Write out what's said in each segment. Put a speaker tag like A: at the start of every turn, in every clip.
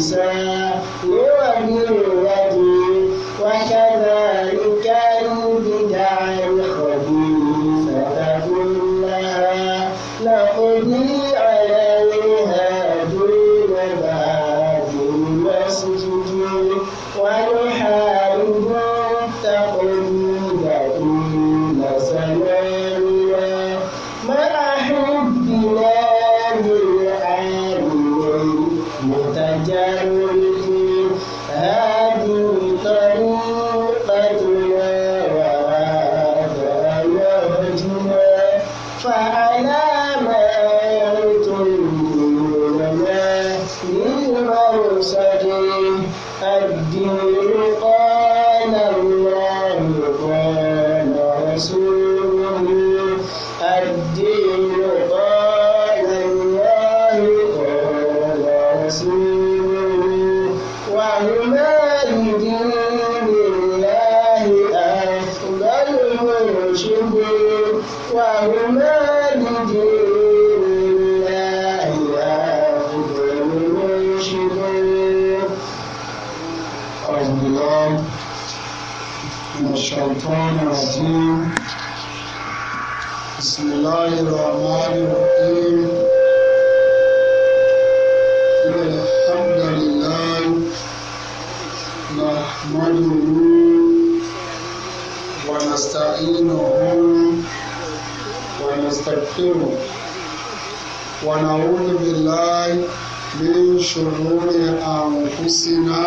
A: say فأ الشيطان الرجيم بسم الله الرحمن الرحيم الحمد لله نحمده
B: ونستعينه ونستغفره ونعوذ بالله من شرور أنفسنا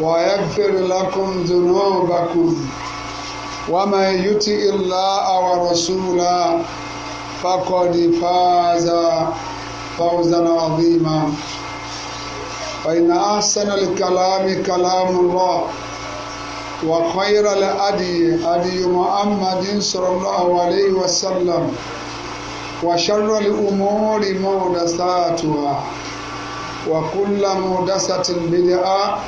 B: ويغفر لكم ذنوبكم ومن يطع الله ورسولا فقد فاز فوزا عظيما فإن أحسن الكلام كلام الله وخير الأدي أدي محمد صلى الله عليه وسلم وشر الأمور محدثاتها وكل محدثة بدعة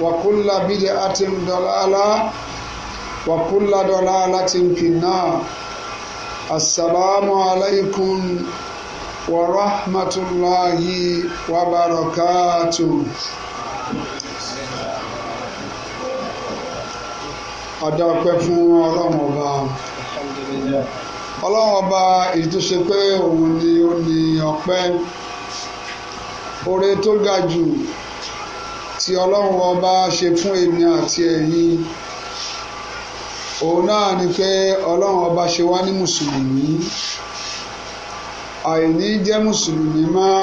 B: وكل بدعة ضلالة وكل ضلالة في النار السلام عليكم ورحمة الله وبركاته adáwọ̀pẹ́ fún ọlọ́run ọba ọlọ́run ọba èyí tó ṣe pé òun ni ó ní ọpẹ́ oore tó ga jù tí ọlọ́run ọba ṣe fún èmi àti ẹ̀yin òun náà ni pé ọlọ́run ọba ṣe wá ní mùsùlùmí àìní jẹ́ mùsùlùmí mọ́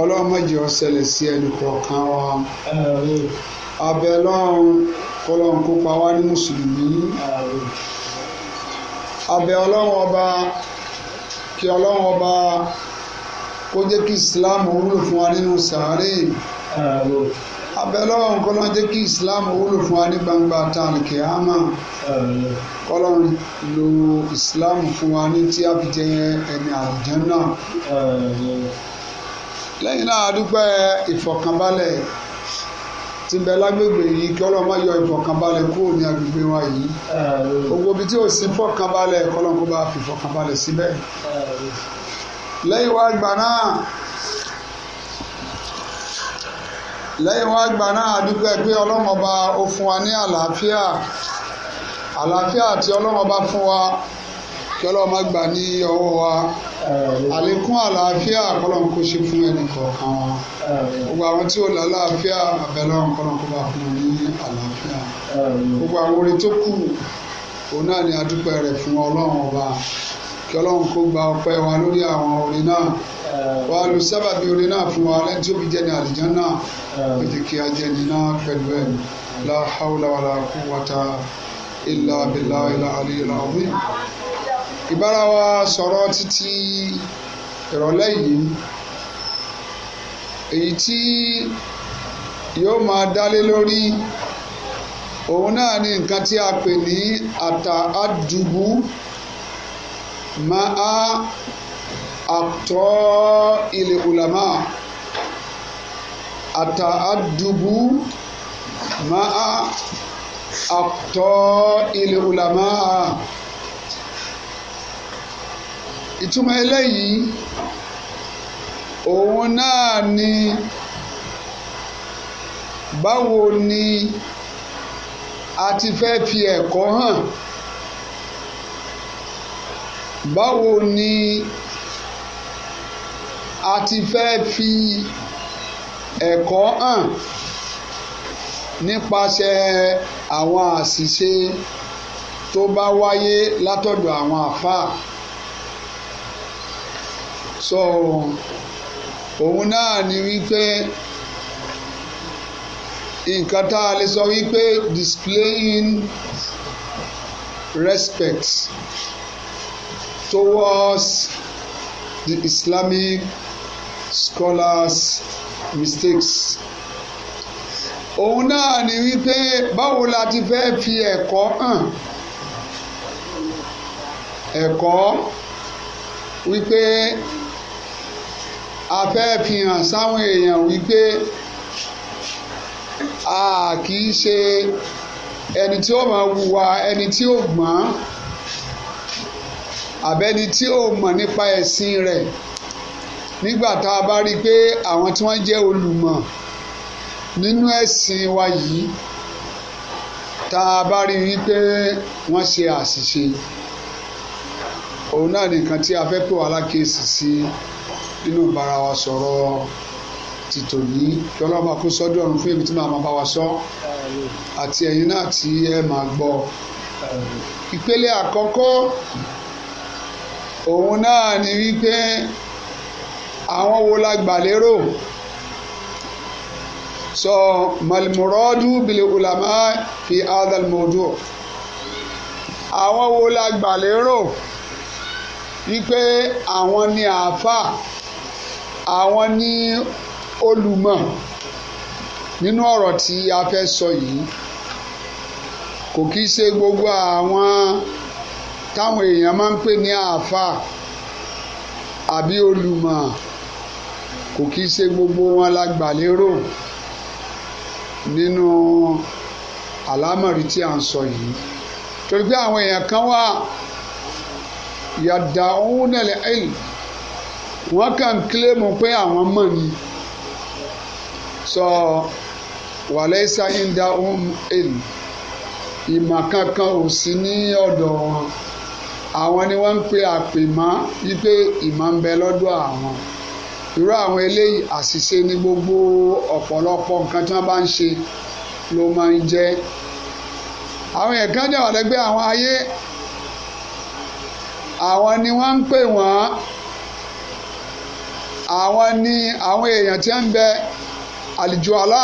B: ọlọ́run má ṣẹlẹ̀ sí ẹnì kọ̀ọ̀kan wa abẹ ọlọ́run kọlọ́run kó pa wá ní mùsùlùmí abẹ ọlọ́run ọba kí ọlọ́run ọba kó jẹ́ kí Islam wúlò fún wa nínú sàárè. abẹ́lọ́wọ́ kọ́lọ́n jẹ́ kí islam wúlò fún wa ní gbangba kọ́lọ́n islam fún wa ní tí a fi jẹ ẹni náà. lẹ́yìn náà dúpẹ́ ìfọ̀kànbalẹ̀ ti bẹ lágbègbè yìí kí má yọ ìfọ̀kànbalẹ̀ kúrò ní agbègbè wa yìí gbogbo ibi tí fọ̀kànbalẹ̀ kọ́lọ́n kó bá fi fọ̀kànbalẹ̀ síbẹ̀ lẹ́yìn gbà náà lẹ́yìn wá gbà náà àdúpẹ́ pé ọlọ́run ọba ó fún wa ní àlàáfíà àlàáfíà tí ọlọ́run ọba fún wa kí ọlọ́run má gbà ní ọwọ́ wa àlékún àlàáfíà kọ́lọ́run kó ṣe fún ẹnì kọ̀ọ̀kan wa gbogbo àwọn tí ò lálàáfíà àbẹ̀lọ́run kọ́lọ́run kó bá fún wọn ní àlàáfíà gbogbo àwọn orin tó kù òun náà ni àdúpẹ́ rẹ̀ fún ọlọ́run ọba kí ọlọ́run kó gba ọpẹ́ wa lórí àwọn orin náà wà á lu sábàbí orin náà fún wa lẹ́ni tí ó fi jẹ́ ní àlìjánnà ètò kí a jẹ́ ní náà pẹ̀lú ẹ̀ la hawla wala quwwata illa billahi al-aliyyil azim. ìbára wa sọ̀rọ̀ títí ìrọ̀lẹ́ yìí èyí tí yóò máa dálé lórí òun náà ni nǹkan tí a pè ní àtà àdùbù máa àtọ́ ilẹ̀ ulama àtà àdùbù máa àtọ́ ilẹ̀ ulama ìtumọ̀ eléyìí òun náà ni báwo ni a ti fẹ́ fi ẹ̀kọ́ hàn báwo ni a ti fẹ́ fi ẹ̀kọ́ hàn nípasẹ̀ àwọn àṣìṣe tó bá wáyé látọ̀dọ̀ àwọn àfáà so òun náà ni wípé nǹkan tá a lè sọ wípé displaying respect towards the Islamic scholars mistakes òun náà ni wípé báwo la ti fẹ́ fi ẹ̀kọ́ hàn ẹ̀kọ́ wípé a fẹ́ fi hàn sáwọn èèyàn wípé a kì í ṣe ẹni tí ó máa wùwà ẹni tí ó gbọ́n àbẹ́ni tí ó mọ̀ nípa ẹ̀sìn rẹ̀ nígbà tá a bá rí i pé àwọn tí wọ́n jẹ́ olùmọ̀ nínú ẹ̀sìn wa yìí tá a bá rí i pé wọ́n ṣe àṣìṣe òun náà nìkan tí a fẹ́ pè wá lákèésì sí nínú ìbára wa sọ̀rọ̀ tìtò yìí kí kó sọ́dọ̀ ọ̀run fún ibi tí màá máa bá wa sọ àti ẹ̀yin náà tí ẹ máa gbọ́ ìpele àkọ́kọ́ òun náà ni wípé àwọn wo la gbà lérò sọ malimurọ́dù bìlẹ̀ ulama fi adal mọ́dù àwọn wo la gbà lérò wípé àwọn ni àáfà àwọn ni olùmọ̀ nínú ọ̀rọ̀ tí a fẹ́ sọ yìí kò kí í ṣe gbogbo àwọn táwọn èèyàn máa ń pè ní àáfà àbí olùmọ̀ kò kí í ṣe gbogbo wọn la gbà lérò nínú àlámọ̀rí tí à ń sọ yìí torí pé àwọn èèyàn kan wà yàda òun náà lè ẹ̀yìn wọ́n kàn kílèmù pé àwọn mọ̀ ni sọ wàlẹ́ sáyẹ́ndà òun ẹ̀yìn ìmọ̀ kankan ò sí ní ọ̀dọ̀ wọn àwọn ni wọ́n ń pe àpèmọ́ wípé ìmọ̀ ń bẹ lọ́dọ̀ àwọn irú àwọn eléyìí àṣìṣe ní gbogbo ọ̀pọ̀lọpọ̀ nǹkan tí wọ́n bá ń ṣe ló máa ń jẹ́ àwọn ẹ̀kan dẹ̀ wà lẹ́gbẹ́ àwọn ayé àwọn ni wọ́n ń pè wọ́n àwọn ni àwọn èèyàn tí ń bẹ àlìjọ àlá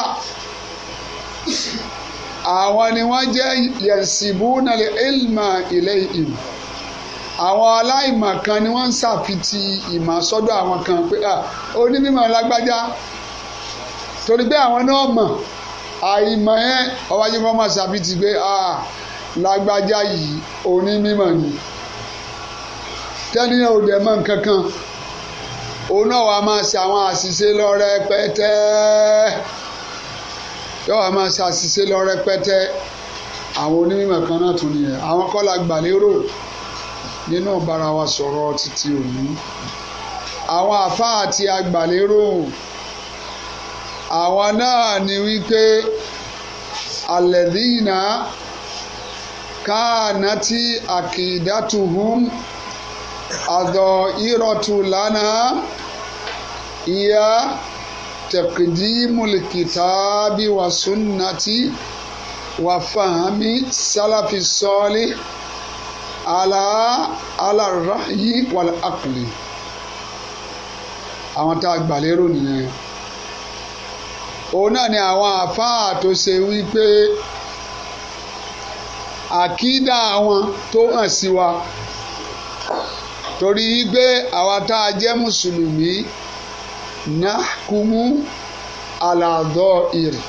B: àwọn ni wọ́n jẹ́ yẹ̀sìbú nàlẹ́ ilmà ilé ìlú àwọn aláìmọ̀ kan ni wọ́n ń ṣàfitì ìmọ̀ sọ́dọ̀ àwọn kan pé onímọ̀ lágbájá torí pé àwọn náà mọ̀ àìmọ̀ yẹn ọba jẹ́ fọ́n máa ṣàfitì pé lágbájá yìí onímọ̀ ni tẹ́ni náà ò dẹ̀ mọ̀ nǹkan kan òun náà wàá máa ṣe àwọn àṣìṣe lọ rẹpẹtẹ yóò wàá máa ṣe àṣìṣe lọ àwọn onímọ̀ kan náà tún nìyẹn àwọn kọ́ la nínú bara wa sọ̀rọ̀ títí òní àwọn àfáà tí a gbà lérò àwọn náà ni wípé alẹ́dínà káànátì àkìdátùhùn àdọ̀ ìrọ̀tù lánàá ìyá tẹ̀kìdímùlì kìtàbí wàsúnnàtì wàfàhámi sálàfi sọ́ọ́lì ala ala rahyi wal akli àwọn tá a gbà lérò nìyẹn òun náà ni àwọn àfáà tó ṣe wípé àkídà wọn tó hàn sí wa torí gbé àwa tá a jẹ́ mùsùlùmí nákùmú àlàdọ́ ìrì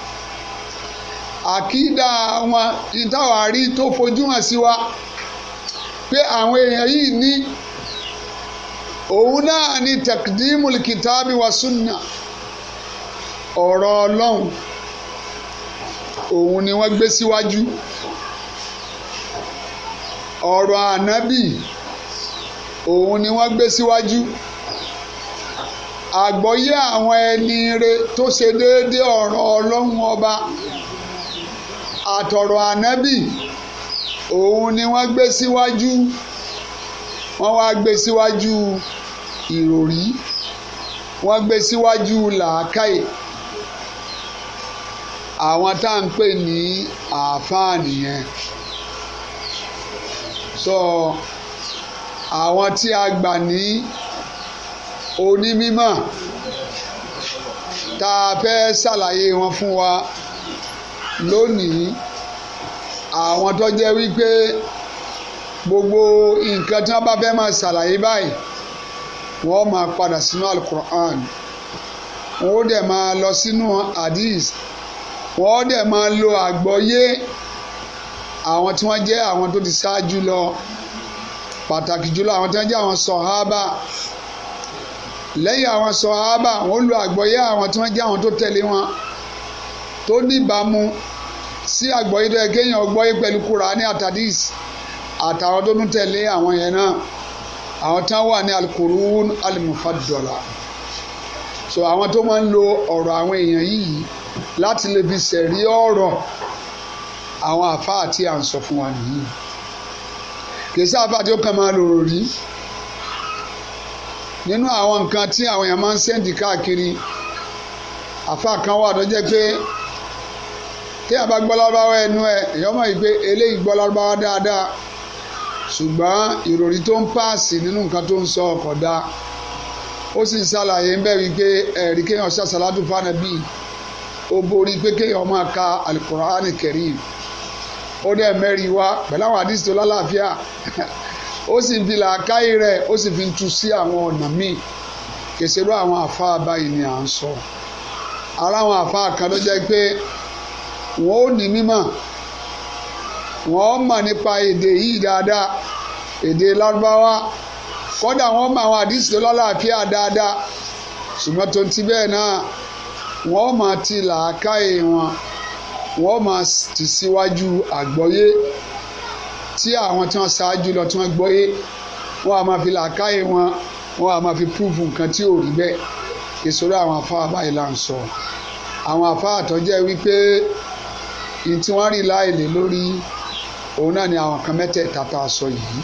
B: àkídà wọn ìtawàrí tó fojú hàn sí wa pé àwọn èèyàn yìí ní òun náà ní takdimul kitabi wa sunna ọ̀rọ̀ ọlọ́run òun ni wọ́n gbé síwájú ọ̀rọ̀ ànábì òun ni wọ́n gbé síwájú àgbọ́yé àwọn ẹni re tó ṣe déédéé ọ̀rọ̀ ọlọ́run ọba àtọ̀rọ̀ ànábì òun ni wọ́n gbé síwájú wọ́n wá gbé síwájú ìròrí wọ́n gbé síwájú làákàyè àwọn tá à ń pè ní àáfàá nìyẹn sọ àwọn tí a gbà ní onímímọ̀ tá a fẹ́ ṣàlàyé wọn fún wa lónìí àwọn tó jẹ́ wípé gbogbo nǹkan tí wọ́n bá fẹ́ máa ṣàlàyé báyìí wọ́n máa padà sínú alukur'an wọ́n dẹ̀ máa lọ sínú hadith wọ́n dẹ̀ máa lo àgbọ́yé àwọn tí wọ́n jẹ́ àwọn tó ti ṣáájú lọ pàtàkì jùlọ àwọn tí wọ́n jẹ́ àwọn sọ̀hábà lẹ́yìn àwọn sọ̀hábà wọ́n lo àgbọ́yé àwọn tí wọ́n jẹ́ àwọn tó tẹ̀lé wọn tó níbàámu sí àgbọ̀yé tó yẹ kéèyàn gbọ́yé pẹ̀lú Kùránì àtàdís àtàwọn tó ń tẹ̀lé àwọn yẹn náà àwọn tán wà ní alukurun alimufadola so àwọn tó máa ń lo ọ̀rọ̀ àwọn èèyàn yìí láti lè fi sẹ̀rí ọ̀rọ̀ àwọn àfáà tí à ń sọ fún wa nìyí kèsì àfáà tí ó kàn máa lòrò rí nínú àwọn nǹkan tí àwọn èèyàn máa ń sẹ́ǹdì káàkiri àfáà kan wà tó pé tí a bá gbọ́ lárúbáwá ẹnu ẹ èyàn mọ̀ yìí pé eléyìí gbọ́ lárúbáwá dáadáa ṣùgbọ́n ìròrí tó ń páàsì nínú nǹkan tó ń sọ ọkọ̀ dá ó sì ń ṣàlàyé ń bẹ́ẹ̀ wípé ẹ̀rí kéèyàn ṣàṣàládù fánàbí ó borí pé kéèyàn máa ka alukur'an kẹrim ó dẹ̀ mẹ́rin wá pẹ̀lú àwọn àdìsí tó lálàáfíà ó sì fi làákàyè rẹ̀ ó sì fi ń tu sí àwọn ọ̀nà míì kèsèrú àwọn àfa báyìí ni à ń sọ ara àwọn àfa kan pé wọn ó ní mímọ̀ wọn mọ̀ nípa èdè yìí dáadáa èdè lárúbáwá kódà wọn mọ̀ àwọn àdìsí tó lálàáfíà dáadáa ṣùgbọ́n tó ti bẹ́ẹ̀ náà wọn máa ti làákàyè wọn wọn máa ti síwájú àgbọ́yé tí àwọn tí wọ́n ṣáájú lọ tí wọ́n gbọ́yé wọn a máa fi làákàyè wọn wọn a máa fi púùfù nǹkan tí ò rí bẹ́ẹ̀ ìṣòro àwọn afá àbáyé là ń sọ àwọn afá àtọ́jẹ́ wípé ní tí wọ́n rí láìlè lórí òun náà ni àwọn kan mẹ́tẹ̀ẹ̀ta tá a sọ yìí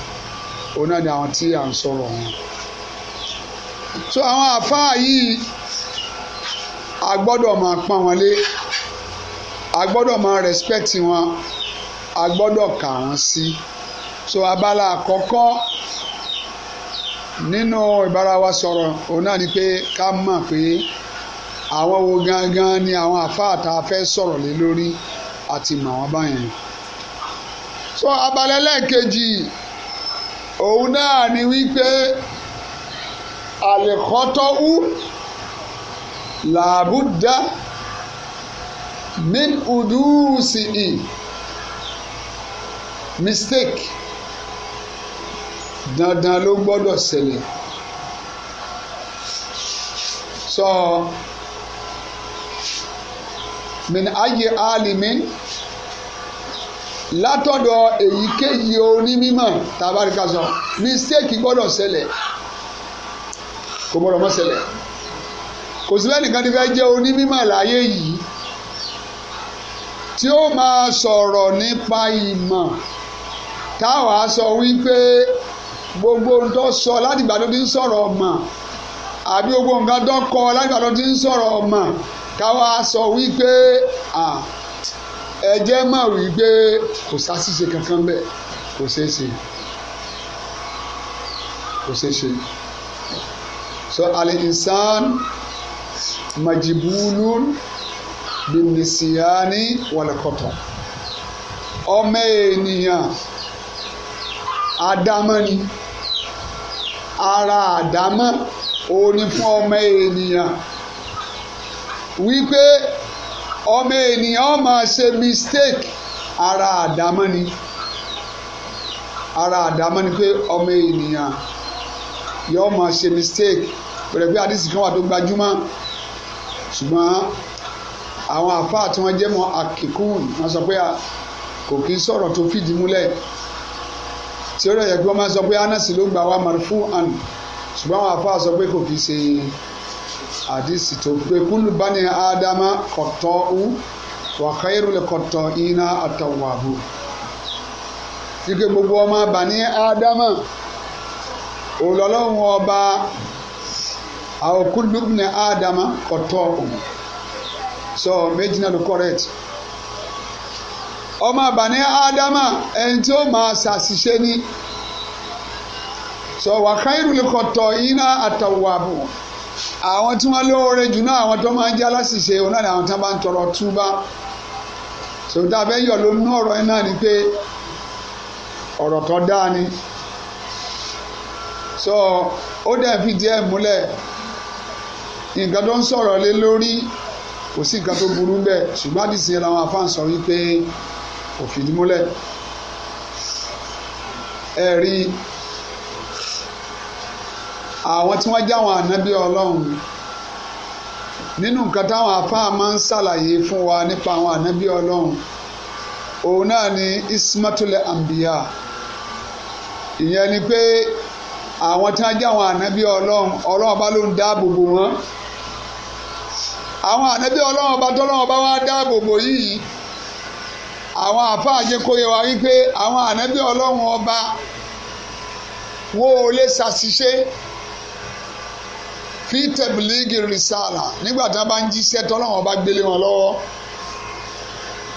B: òun náà ni àwọn tí à ń sọ̀rọ̀ wọn. so àwọn àfáà yìí a gbọ́dọ̀ máa pọ́n wọn lé a gbọ́dọ̀ máa respect wọn a gbọ́dọ̀ kà wọ́n sí so abala àkọ́kọ́ nínú ìbára wa sọ̀rọ̀ òun náà ni pé ká mọ̀ pé àwọn wo gangan ni àwọn àfáà tá a fẹ́ sọ̀rọ̀ lé lórí a ti mọ̀ wọ́n báyẹn. so abalẹ̀ lẹ́ẹ̀kejì òun náà ni wípé àlèkọ́tọ́wú làbúdá min udúùsì ì mistake dandan ló gbọ́dọ̀ ṣẹlẹ̀ sọ. So, min ayi alimin látọ̀dọ̀ èyíkéyìí onímọ̀ tàbáríkà sọ mistake gbọ́dọ̀ ṣẹlẹ̀ kò gbọ́dọ̀ mọ́ ṣẹlẹ̀ kò sí bẹ́ẹ̀ nìkan ti fẹ́ jẹ́ onímọ̀ láyé yìí tí ó máa sọ̀rọ̀ nípa ìmọ̀ táwa sọ wípé gbogbo ohun tó sọ láti tó ti ń sọ̀rọ̀ ọmọ àbí gbogbo nǹkan tó kọ láti tó ti ń sọ̀rọ̀ ọmọ káwa sọ wípé ẹjẹ́ mọ̀ wípé kò sásìse kankan bẹ́ẹ̀ kò ṣeé ṣe kò ṣeé ṣe so al-insan majibulun binisiyani wàlẹ́kọ̀tọ̀ ọmọ ènìyàn àdámọ́ni ara àdámọ́ òní fún ọmọ ènìyàn wípé ọmọ ènìyàn máa ṣe mistake ara àdámọ́ ni ara àdámọ́ ni pé ọmọ ènìyàn yóò máa ṣe mistake pẹ̀lẹ́ pé àdìsí kan wà tó gbajúmọ̀ ṣùgbọ́n àwọn àfáà tí wọ́n jẹ́ mọ́ akíkún wọ́n sọ pé kò kí ń sọ̀rọ̀ tó fìdí múlẹ̀ tí ó rẹ̀ yẹ kí wọ́n máa sọ pé anasi ló gbà wá marfu àn ṣùgbọ́n àwọn àfáà sọ pé kò kí ń ṣe àdìsí tó pé kúlù bá ní ádámà kọ̀tọ́ ú wà káyọ̀rù lè kọ̀tọ́ iná àtọ̀wàbù. Ike gbogbo ọmọ bà ní ádámà òlọ́lọ́hún ọba àwọn kúlù ní ádámà kọ̀tọ́ So méjì náà ló correct ọmọ àbàní ádámà ẹni tí ó máa ṣàṣìṣe ni sọ wà káyọ̀rù lè kọ̀tọ́ iná àwọn tí wọ́n lóore jù náà àwọn tó máa ń jẹ́ aláṣìṣe òun náà ni àwọn tí wọ́n bá ń tọrọ túbá sòtá abẹ́ yọ̀ ló nú ọ̀rọ̀ yẹn náà ni pé ọ̀rọ̀ tó dáa ni so ó dẹ̀ fi díẹ̀ múlẹ̀ nǹkan tó ń sọ̀rọ̀ lé lórí kò sí nǹkan tó burú bẹ́ẹ̀ ṣùgbọ́n àdìsí yẹn làwọn afáàn sọ wípé kò fìdí múlẹ̀ ẹ̀rí àwọn tí wọ́n jáwọn ànábì ọlọ́run nínú nǹkan táwọn afáà máa ń ṣàlàyé fún wa nípa àwọn ànábì ọlọ́run òun náà ni ismatulẹ̀ ambiya ìyẹn ni pé àwọn tí wọ́n jáwọn ànábì ọlọ́run ọlọ́run bá ló ń dáàbò bò wọ́n àwọn ànábì ọlọ́run ọba tọ́lọ́run ọba wá dáàbò bò yìí àwọn àfáà jẹ́ kó yé wa wípé àwọn ànábì ọlọ́run ọba wo lè ṣàṣìṣe fi tẹ̀bílígì rìsáàlà nígbà tá a bá ń jíṣẹ́ tọ́lọ́wọ́n bá gbélé wọn lọ́wọ́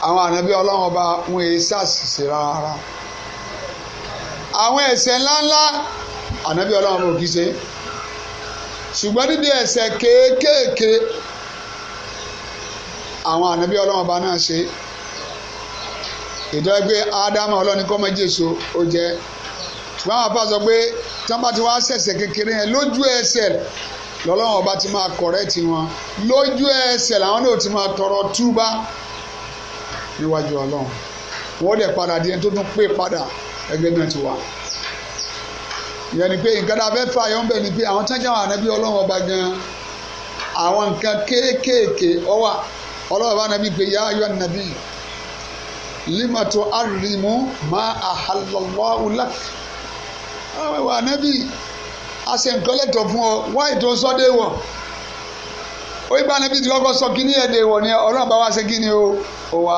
B: àwọn ànábí ọlọ́wọ́n bá wọn èyí ṣàṣìṣe rárá àwọn ẹ̀ṣẹ̀ ńláńlá ànábí ọlọ́wọ́n bá kì í ṣe ṣùgbọ́n dídí ẹ̀ṣẹ̀ kéékèèké àwọn ànábí ọlọ́wọ́n bá náà ṣe ìtọ́ pé ádámù ọlọ́ni kọ́ mọ́ jésù ó jẹ́ ṣùgbọ́n àwọn afá sọ pé tí wọ́n bá ti wá ṣẹ̀ṣẹ̀ kékeré yẹn lójú ẹsẹ̀ lọ́lọ́run ọba ti máa kọ̀rẹ́tì wọn lójú ẹsẹ̀ làwọn náà ti máa tọrọ túbá níwájú ọlọ́run wọ́n dẹ̀ padà di ẹni tó tún pè padà ẹgbẹ́ náà ti wà. ìyẹn ni pé nǹkan tá a fẹ́ fà yọ̀ ni pé àwọn tájà wà nẹ́bí ọlọ́run ọba gan-an àwọn nǹkan kéékèèké ọwà ọlọ́run ọba nẹ́bí pé yá ayọ́ nàbí limato arimu ma ahalallahu lak. àwọn nẹ́bí a ṣe nǹkan lẹ́tọ̀ fún ọ wáyé tó sọ dé wọ̀ ó yí bá níbi tí kọ́kọ́ sọ kíní ẹ̀ dé wọ̀ ni ọlọ́run bá wá ṣe kíní o